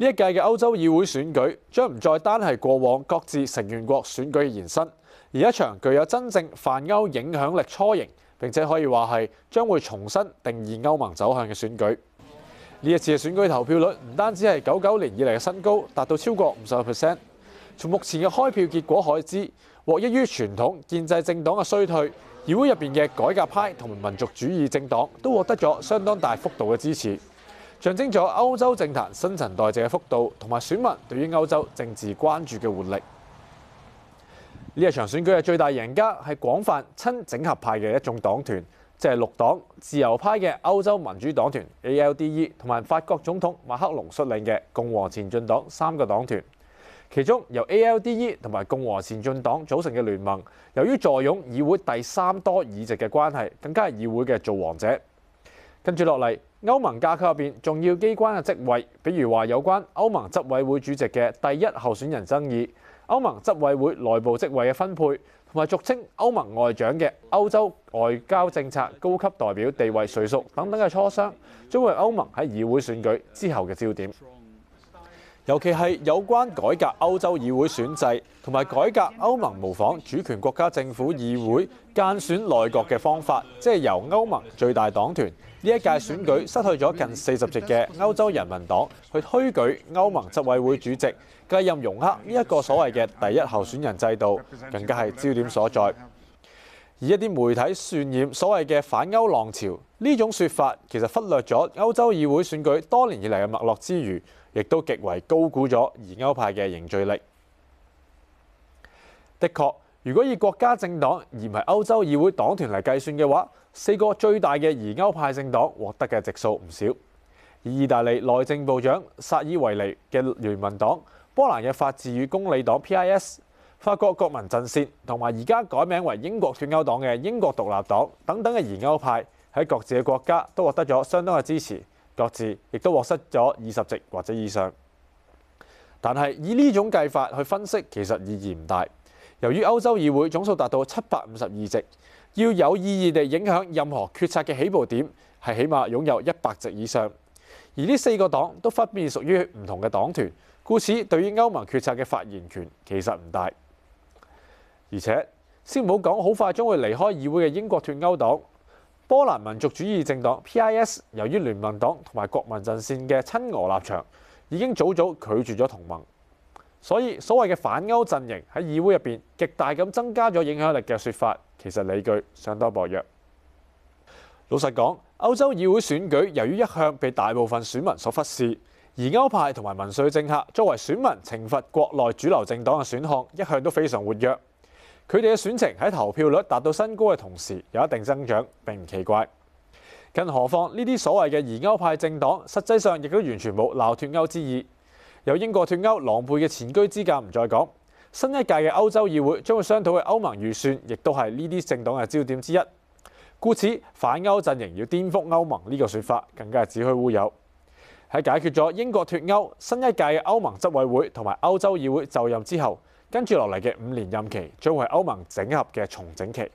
呢一屆嘅歐洲議會選舉將唔再單係過往各自成員國選舉嘅延伸，而一場具有真正泛歐影響力雛形，並且可以話係將會重新定義歐盟走向嘅選舉。呢一次嘅選舉投票率唔單止係九九年以嚟嘅新高，達到超過五十個 percent。從目前嘅開票結果可知，獲益於傳統建制政黨嘅衰退，議會入邊嘅改革派同民族主義政黨都獲得咗相當大幅度嘅支持。象徵咗歐洲政壇新陳代謝嘅幅度，同埋選民對於歐洲政治關注嘅活力。呢一場選舉嘅最大贏家係廣泛親整合派嘅一眾黨團即綠黨，即係綠黨、自由派嘅歐洲民主黨團 （ALDE） 同埋法國總統馬克龍率領嘅共和前進黨三個黨團。其中由 ALDE 同埋共和前進黨組成嘅聯盟，由於坐擁議會第三多議席嘅關係，更加係議會嘅造王者。跟住落嚟，歐盟架構入邊重要機關嘅職位，比如話有關歐盟執委會主席嘅第一候選人爭議、歐盟執委會內部職位嘅分配，同埋俗稱歐盟外長嘅歐洲外交政策高級代表地位誰屬等等嘅磋商，將會係歐盟喺議會選舉之後嘅焦點。尤其係有關改革歐洲議會選制，同埋改革歐盟模仿主權國家政府議會間選內閣嘅方法，即係由歐盟最大黨團呢一屆選舉失去咗近四十席嘅歐洲人民黨去推舉歐盟執委會主席繼任容克呢一個所謂嘅第一候選人制度，更加係焦點所在。以一啲媒體渲染所謂嘅反歐浪潮呢種說法，其實忽略咗歐洲議會選舉多年以嚟嘅脈絡之餘，亦都極為高估咗疑歐派嘅凝聚力。的確，如果以國家政黨而唔係歐洲議會黨團嚟計算嘅話，四個最大嘅疑歐派政黨獲得嘅席數唔少。以意大利內政部長薩爾維尼嘅聯盟黨、波蘭嘅法治與公理黨 PIS、法國國民陣線同埋而家改名為英國脱歐黨嘅英國獨立黨等等嘅疑歐派喺各自嘅國家都獲得咗相當嘅支持，各自亦都獲失咗二十席或者以上。但係以呢種計法去分析，其實意義唔大。由於歐洲議會總數達到七百五十二席，要有意義地影響任何決策嘅起步點係起碼擁有一百席以上。而呢四個黨都分別屬於唔同嘅黨團，故此對於歐盟決策嘅發言權其實唔大。而且先唔好講，好快將會離開議會嘅英國脱歐黨、波蘭民族主義政黨 PIS，由於聯盟黨同埋國民陣線嘅親俄立場，已經早早拒絕咗同盟。所以所謂嘅反歐陣營喺議會入邊極大咁增加咗影響力嘅説法，其實理據相當薄弱。老實講，歐洲議會選舉由於一向被大部分選民所忽視，而歐派同埋民粹政客作為選民懲罰國內主流政黨嘅選項，一向都非常活躍。佢哋嘅選情喺投票率達到新高嘅同時，有一定增長並唔奇怪。更何況呢啲所謂嘅疑歐派政黨，實際上亦都完全冇鬧脫歐之意。有英國脫歐狼狽嘅前車之鑑唔再講。新一屆嘅歐洲議會將會商討嘅歐盟預算，亦都係呢啲政黨嘅焦點之一。故此，反歐陣營要顛覆歐盟呢個說法，更加係子虛烏有。喺解決咗英國脫歐，新一屆嘅歐盟執委會同埋歐洲議會就任之後，跟住落嚟嘅五年任期，將會係歐盟整合嘅重整期。